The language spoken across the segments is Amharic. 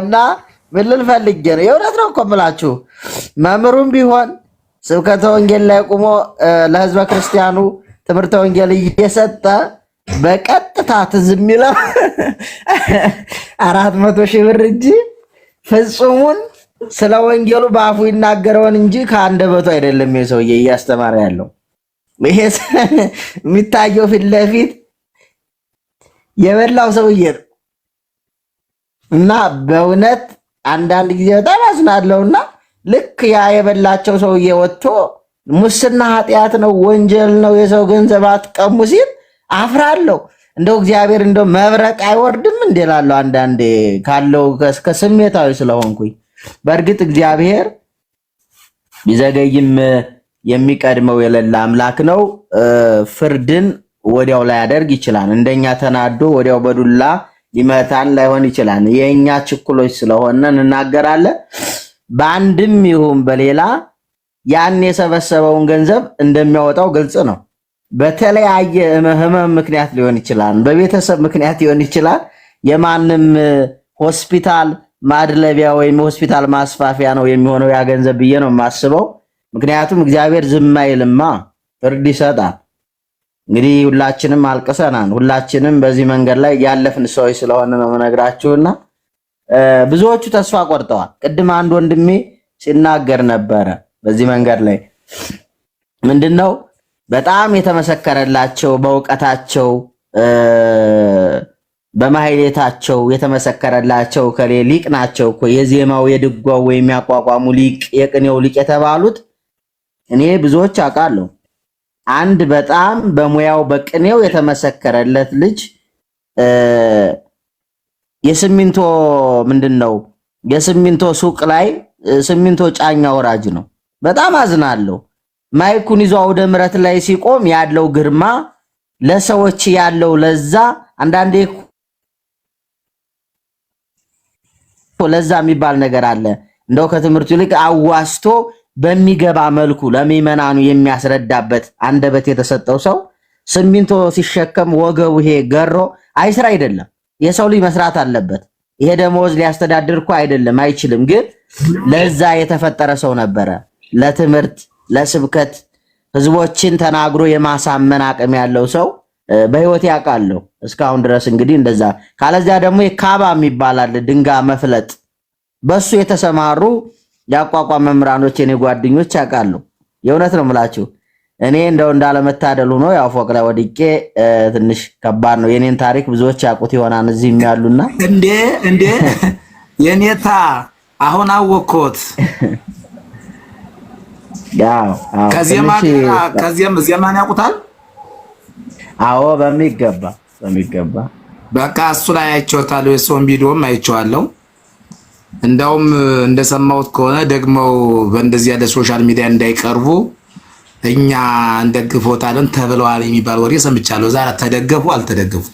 እና ምን ልፈልግ ነው፣ የእውነት ነው እኮ የምላችሁ መምህሩም ቢሆን ስብከተ ወንጌል ላይ ቁሞ ለህዝበ ክርስቲያኑ ትምህርተ ወንጌል እየሰጠ በቀጥታ ትዝ የሚለው አራት መቶ ሺህ ብር እንጂ ፍጹሙን ስለ ወንጌሉ በአፉ ይናገረውን እንጂ ከአንደበቱ አይደለም። ይሄ ሰውዬ እያስተማረ ያለው ይሄ የሚታየው ፊት ለፊት የበላው ሰውዬ ነው። እና በእውነት አንዳንድ ጊዜ በጣም አዝናለሁ ልክ ያ የበላቸው ሰውዬ ወጥቶ ሙስና ኃጢአት ነው፣ ወንጀል ነው፣ የሰው ገንዘብ አትቀሙ ሲል አፍራለሁ። እንደው እግዚአብሔር እንደው መብረቅ አይወርድም እንዴ እላለሁ አንዳንዴ ካለው ከስሜታዊ ስለሆንኩኝ። በእርግጥ እግዚአብሔር ቢዘገይም የሚቀድመው የሌለ አምላክ ነው። ፍርድን ወዲያው ላይ ያደርግ ይችላል። እንደኛ ተናዶ ወዲያው በዱላ ሊመታን ላይሆን ይችላል። የእኛ ችኩሎች ስለሆነ እንናገራለን። በአንድም ይሁን በሌላ ያን የሰበሰበውን ገንዘብ እንደሚያወጣው ግልጽ ነው። በተለያየ ህመም ምክንያት ሊሆን ይችላል፣ በቤተሰብ ምክንያት ሊሆን ይችላል። የማንም ሆስፒታል ማድለቢያ ወይም ሆስፒታል ማስፋፊያ ነው የሚሆነው ያ ገንዘብ ብዬ ነው የማስበው። ምክንያቱም እግዚአብሔር ዝም አይልማ፣ ፍርድ ይሰጣል። እንግዲህ ሁላችንም አልቅሰናል። ሁላችንም በዚህ መንገድ ላይ ያለፍን ሰዎች ስለሆነ ነው መነግራችሁና ብዙዎቹ ተስፋ ቆርጠዋል። ቅድም አንድ ወንድሜ ሲናገር ነበረ በዚህ መንገድ ላይ ምንድነው በጣም የተመሰከረላቸው በእውቀታቸው በማህሌታቸው የተመሰከረላቸው ከሌ ሊቅ ናቸው እኮ የዜማው የድጓው ወይም ያቋቋሙ ሊቅ የቅኔው ሊቅ የተባሉት እኔ ብዙዎች አውቃለሁ። አንድ በጣም በሙያው በቅኔው የተመሰከረለት ልጅ የስሚንቶ ምንድን ነው የስሚንቶ ሱቅ ላይ ስሚንቶ ጫኛ ወራጅ ነው። በጣም አዝናለሁ። ማይኩን ይዞ አውደ ምረት ላይ ሲቆም ያለው ግርማ ለሰዎች ያለው ለዛ አንዳንዴ ለዛ የሚባል ነገር አለ። እንደው ከትምህርቱ ይልቅ አዋስቶ በሚገባ መልኩ ለሚመናኑ የሚያስረዳበት አንደበት የተሰጠው ሰው ስሚንቶ ሲሸከም ወገቡ ይሄ ገሮ አይስራ አይደለም። የሰው ልጅ መስራት አለበት። ይሄ ደሞዝ ሊያስተዳድር እኮ አይደለም አይችልም። ግን ለዛ የተፈጠረ ሰው ነበረ። ለትምህርት፣ ለስብከት ህዝቦችን ተናግሮ የማሳመን አቅም ያለው ሰው በህይወት ያውቃለሁ እስካሁን ድረስ እንግዲህ እንደዛ። ካለዚያ ደግሞ የካባ የሚባላል ድንጋ መፍለጥ በሱ የተሰማሩ የአቋቋም መምህራኖች የኔ ጓደኞች ያውቃሉ። የእውነት ነው የምላችሁ። እኔ እንደው እንዳለመታደል ነው ያው ፎቅ ላይ ወድቄ ትንሽ ከባድ ነው። የኔን ታሪክ ብዙዎች ያውቁት ይሆናል እዚህም የሚያሉና እንዴ እንዴ የኔታ አሁን አወቅኩት። ያው ከዚህም ያውቁታል። አዎ በሚገባ በሚገባ በቃ እሱ ላይ አይቼዋለሁ። የሰውን ቪዲዮም አይቼዋለሁ። እንዳውም እንደሰማሁት ከሆነ ደግመው በእንደዚህ ያለ ሶሻል ሚዲያ እንዳይቀርቡ እኛ እንደግፎታለን ተብለዋል የሚባል ወሬ ሰምቻለሁ። ዛሬ ተደገፉ አልተደገፉ?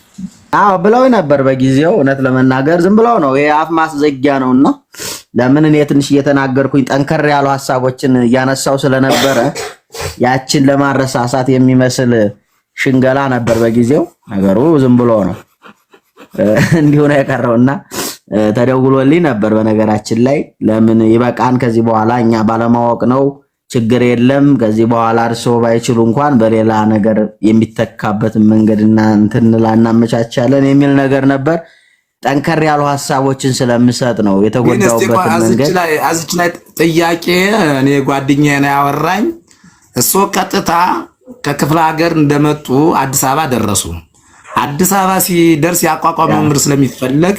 አዎ ብለው ነበር በጊዜው። እውነት ለመናገር ዝም ብለው ነው፣ የአፍ ማስዘጊያ ነው። እና ለምን እኔ ትንሽ እየተናገርኩኝ ጠንከር ያሉ ሀሳቦችን እያነሳው ስለነበረ ያችን ለማረሳሳት የሚመስል ሽንገላ ነበር በጊዜው። ነገሩ ዝም ብሎ ነው እንዲሁ ነው እና ተደውሎልኝ ነበር። በነገራችን ላይ ለምን ይበቃን፣ ከዚህ በኋላ እኛ ባለማወቅ ነው፣ ችግር የለም። ከዚህ በኋላ እርሶ ባይችሉ እንኳን በሌላ ነገር የሚተካበትን መንገድ እንትንላ እናመቻቻለን የሚል ነገር ነበር። ጠንከር ያሉ ሀሳቦችን ስለምሰጥ ነው የተጎዳውበት መንገድ። አዚች ላይ ጥያቄ እኔ ጓደኛዬ ነው ያወራኝ። እሶ ቀጥታ ከክፍለ ሀገር እንደመጡ አዲስ አበባ ደረሱ። አዲስ አበባ ሲደርስ ያቋቋመው ምር ስለሚፈለግ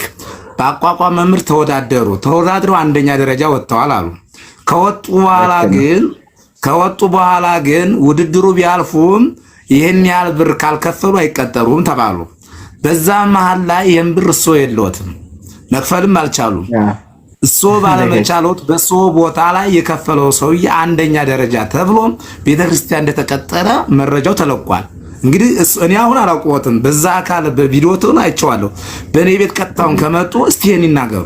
በአቋቋም መምህር ተወዳደሩ። ተወዳድረው አንደኛ ደረጃ ወጥተዋል አሉ። ከወጡ በኋላ ግን ከወጡ በኋላ ግን ውድድሩ ቢያልፉም ይህን ያህል ብር ካልከፈሉ አይቀጠሩም ተባሉ። በዛ መሀል ላይ ይህን ብር እሶ የለወትም መክፈልም አልቻሉም። እሶ ባለመቻሎት በሶ ቦታ ላይ የከፈለው ሰውዬ አንደኛ ደረጃ ተብሎ ቤተክርስቲያን እንደተቀጠረ መረጃው ተለቋል። እንግዲህ እኔ አሁን አላውቅዎትም። በዛ አካል በቪዲዮቱን አይቼዋለሁ። በእኔ ቤት ቀጥታውን ከመጡ እስቲ ይሄን ይናገሩ።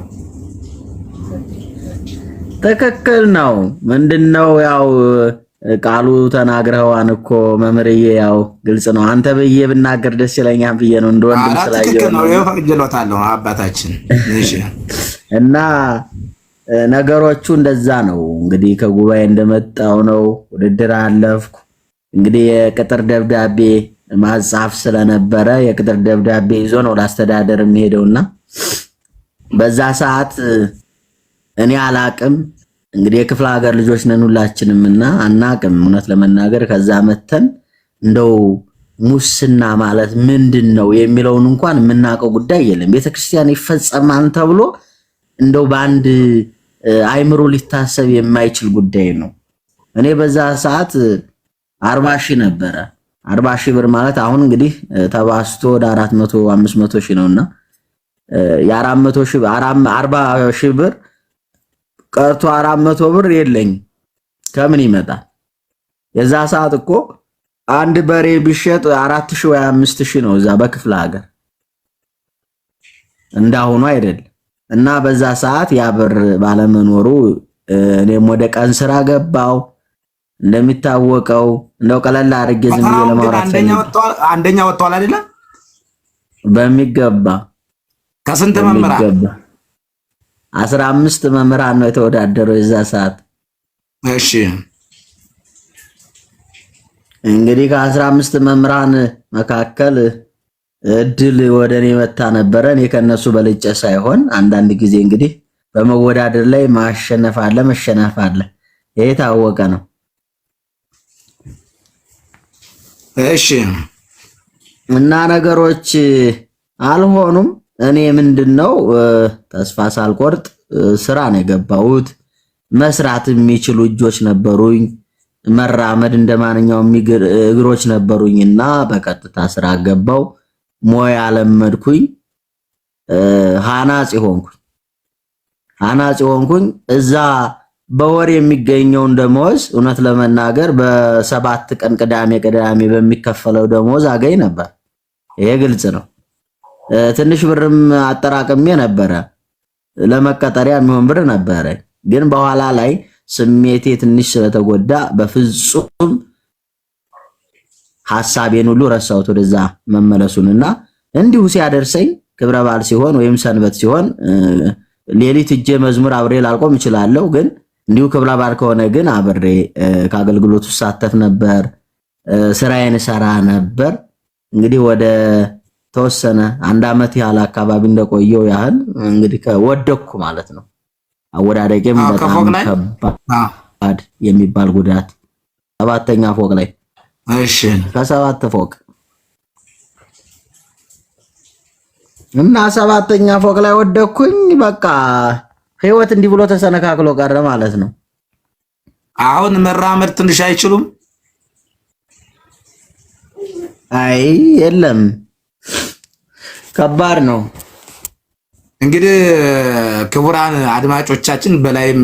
ትክክል ነው። ምንድነው ያው ቃሉ ተናግረዋን እኮ መምህርዬ፣ ያው ግልጽ ነው። አንተ ብዬ ብናገር ደስ ይለኛል ብዬ ነው እንደወንድም ስላየው ፈቅጄሎታለሁ አባታችን። እሺ እና ነገሮቹ እንደዛ ነው እንግዲህ ከጉባኤ እንደመጣው ነው። ውድድር አለፍኩ እንግዲህ የቅጥር ደብዳቤ ማጻፍ ስለነበረ የቅጥር ደብዳቤ ይዞ ነው ለአስተዳደር የሚሄደውና በዛ ሰዓት እኔ አላቅም። እንግዲህ የክፍለ ሀገር ልጆች ነን ሁላችንም እና አናቅም። እውነት ለመናገር ከዛ መተን እንደው ሙስና ማለት ምንድን ነው የሚለውን እንኳን የምናውቀው ጉዳይ የለም። ቤተክርስቲያን ይፈጸማል ተብሎ እንደው በአንድ አይምሮ ሊታሰብ የማይችል ጉዳይ ነው። እኔ በዛ ሰዓት አርባ ሺህ ነበረ። አርባ ሺህ ብር ማለት አሁን እንግዲህ ተባስቶ ወደ አራት መቶ አምስት መቶ ሺህ ነውና የአራት መቶ ሺህ አርባ ሺህ ብር ቀርቶ አራት መቶ ብር የለኝ ከምን ይመጣል? የዛ ሰዓት እኮ አንድ በሬ ቢሸጥ አራት ሺህ ወይ አምስት ሺህ ነው እዛ በክፍለ ሀገር እንዳሁኑ አይደለም። እና በዛ ሰዓት ያ ብር ባለመኖሩ እኔም ወደ ቀን ስራ ገባው። እንደሚታወቀው እንደው ቀለል አድርጌ ዝም ብዬ ለማውራት አንደኛ ወጥቷል አይደለ? በሚገባ ከስንት መምህራን አስራ አምስት መምህራን ነው የተወዳደረው የዛ ሰዓት። እሺ እንግዲህ ከአስራ አምስት መምህራን መካከል እድል ወደ እኔ መታ ነበረ። እኔ ከነሱ በልጨ ሳይሆን አንዳንድ ጊዜ እንግዲህ በመወዳደር ላይ ማሸነፍ አለ መሸነፍ አለ። ይሄ ታወቀ ነው። እሺ እና ነገሮች አልሆኑም። እኔ ምንድን ነው ተስፋ ሳልቆርጥ ስራ ነው የገባሁት። መስራት የሚችሉ እጆች ነበሩኝ፣ መራመድ እንደማንኛውም እግሮች ነበሩኝና በቀጥታ ስራ ገባው። ሞያ ለመድኩኝ፣ ሐናጺ ሆንኩኝ። ሐናጺ ሆንኩኝ እዛ በወር የሚገኘውን ደሞዝ እውነት ለመናገር በሰባት ቀን ቅዳሜ ቅዳሜ በሚከፈለው ደሞዝ አገኝ ነበር። ይሄ ግልጽ ነው። ትንሽ ብርም አጠራቅሜ ነበረ፣ ለመቀጠሪያ የሚሆን ብር ነበረ። ግን በኋላ ላይ ስሜቴ ትንሽ ስለተጎዳ በፍጹም ሀሳቤን ሁሉ ረሳሁት ወደዛ መመለሱንና እንዲሁ ሲያደርሰኝ ክብረ በዓል ሲሆን ወይም ሰንበት ሲሆን ሌሊት እጄ መዝሙር አብሬ ላልቆም እችላለሁ ግን እንዲሁ ክብረ በዓል ከሆነ ግን አብሬ ከአገልግሎቱ ሳተፍ ነበር፣ ስራዬን ሰራ ነበር። እንግዲህ ወደ ተወሰነ አንድ አመት ያህል አካባቢ እንደቆየው ያህል እንግዲህ ወደኩ ማለት ነው። አወዳደቄም በጣም ከባድ የሚባል ጉዳት ሰባተኛ ፎቅ ላይ እሺ፣ ከሰባት ፎቅ እና ሰባተኛ ፎቅ ላይ ወደኩኝ በቃ ህይወት እንዲህ ብሎ ተሰነካክሎ ቀረ ማለት ነው። አሁን መራመድ ትንሽ አይችሉም። አይ የለም፣ ከባድ ነው። እንግዲህ ክቡራን አድማጮቻችን በላይም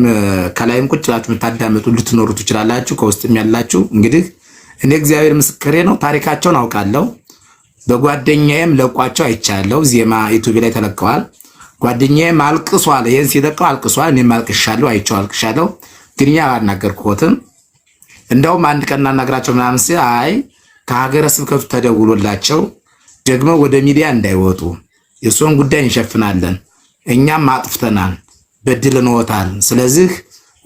ከላይም ቁጭ ብላችሁ ልትኖሩ ትችላላችሁ፣ ከውስጥም ያላችሁ እንግዲህ እኔ እግዚአብሔር ምስክሬ ነው። ታሪካቸውን አውቃለሁ። በጓደኛዬም ለቋቸው አይቻለሁ። ዜማ ዩቲዩብ ላይ ተለቀዋል። ጓደኛዬም አልቅሷል። ይህን ሲለቀው አልቅሷል። እኔም አልቅሻለሁ፣ አይቼው አልቅሻለሁ። ግን ያ አናገርኩትም። እንደውም አንድ ቀን እናናግራቸው ምናምን ሲል አይ ከሀገረ ስብከቱ ተደውሎላቸው ደግሞ ወደ ሚዲያ እንዳይወጡ የእሱን ጉዳይ እንሸፍናለን፣ እኛም አጥፍተናል፣ በድለንዎታል። ስለዚህ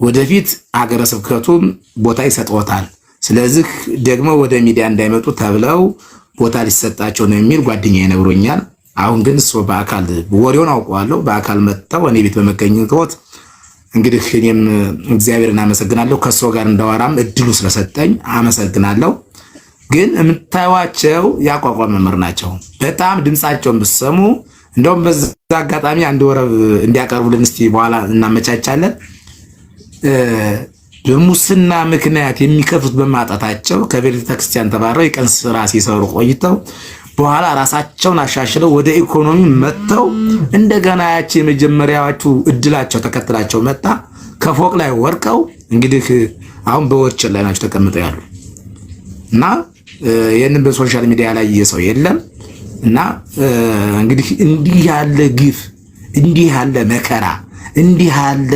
ወደፊት ሀገረ ስብከቱም ቦታ ይሰጥዎታል። ስለዚህ ደግሞ ወደ ሚዲያ እንዳይመጡ ተብለው ቦታ ሊሰጣቸው ነው የሚል ጓደኛዬ ነግሮኛል። አሁን ግን እሱ በአካል ወሬውን አውቀዋለሁ። በአካል መጥተው እኔ ቤት በመገኘት እንግዲህ እኔም እግዚአብሔርን አመሰግናለሁ። ከእሱ ጋር እንዳወራም እድሉ ስለሰጠኝ አመሰግናለሁ። ግን የምታዩቸው ያቋቋመ መምህር ናቸው። በጣም ድምፃቸውን ብሰሙ እንደውም በዛ አጋጣሚ አንድ ወረብ እንዲያቀርቡልን እስቲ በኋላ እናመቻቻለን። በሙስና ምክንያት የሚከፍሉት በማጣታቸው ከቤተክርስቲያን ተባረው የቀን ስራ ሲሰሩ ቆይተው በኋላ ራሳቸውን አሻሽለው ወደ ኢኮኖሚ መጥተው እንደገና ያቺ የመጀመሪያዎቹ እድላቸው ተከትላቸው መጣ። ከፎቅ ላይ ወድቀው እንግዲህ አሁን በወርች ላይ ናቸው ተቀምጠው ያሉ እና ይህንን በሶሻል ሚዲያ ላይ እየሰው የለም እና እንግዲህ እንዲህ ያለ ግፍ፣ እንዲህ ያለ መከራ፣ እንዲህ ያለ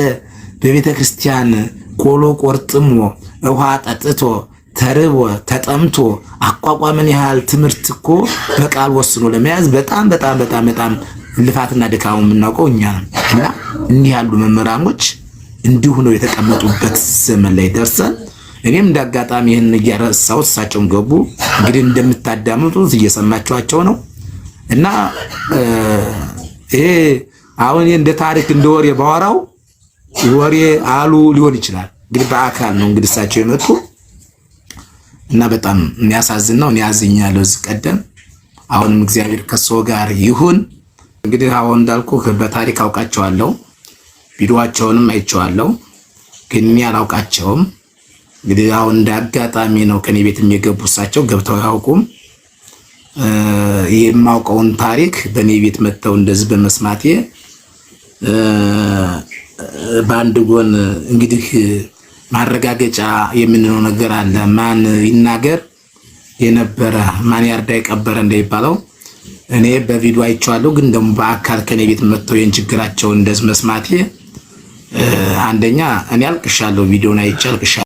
በቤተ ክርስቲያን ቆሎ ቆርጥሞ ውሃ ጠጥቶ ተርቦ ተጠምቶ አቋቋምን ያህል ትምህርት እኮ በቃል ወስኖ ለመያዝ በጣም በጣም በጣም በጣም ልፋትና ድካሙ የምናውቀው እኛ ነው። እና እንዲህ ያሉ መምህራኖች እንዲሁ ነው የተቀመጡበት ዘመን ላይ ደርሰን እኔም እንደ አጋጣሚ ይህን እያረሳሁት እሳቸውን ገቡ። እንግዲህ እንደምታዳምጡት እየሰማችኋቸው ነው። እና ይሄ አሁን እንደ ታሪክ እንደ ወሬ ባወራው ወሬ አሉ ሊሆን ይችላል። እንግዲህ በአካል ነው እንግዲህ እሳቸው የመጡ እና በጣም የሚያሳዝን ነው። እኔ እዚህ ቀደም። አሁንም እግዚአብሔር ከሶ ጋር ይሁን። እንግዲህ አሁን እንዳልኩ በታሪክ አውቃቸዋለሁ፣ ቪዲዮአቸውንም አይቼዋለሁ፣ ግን እኔ አላውቃቸውም። እንግዲህ አሁን እንደ አጋጣሚ ነው ከኔ ቤት የገቡ እሳቸው ገብተው አያውቁም። የማውቀውን ታሪክ በእኔ ቤት መጥተው እንደዚህ በመስማቴ በአንድ ጎን እንግዲህ ማረጋገጫ የምንለው ነገር አለ። ማን ይናገር የነበረ ማን ያርዳ የቀበረ እንደሚባለው እኔ በቪዲዮ አይቼዋለሁ። ግን ደግሞ በአካል ከኔ ቤት መጥተው ይህን ችግራቸውን እንደዚህ መስማቴ አንደኛ እኔ አልቅሻለሁ፣ ቪዲዮን አይቼ አልቅሻለሁ።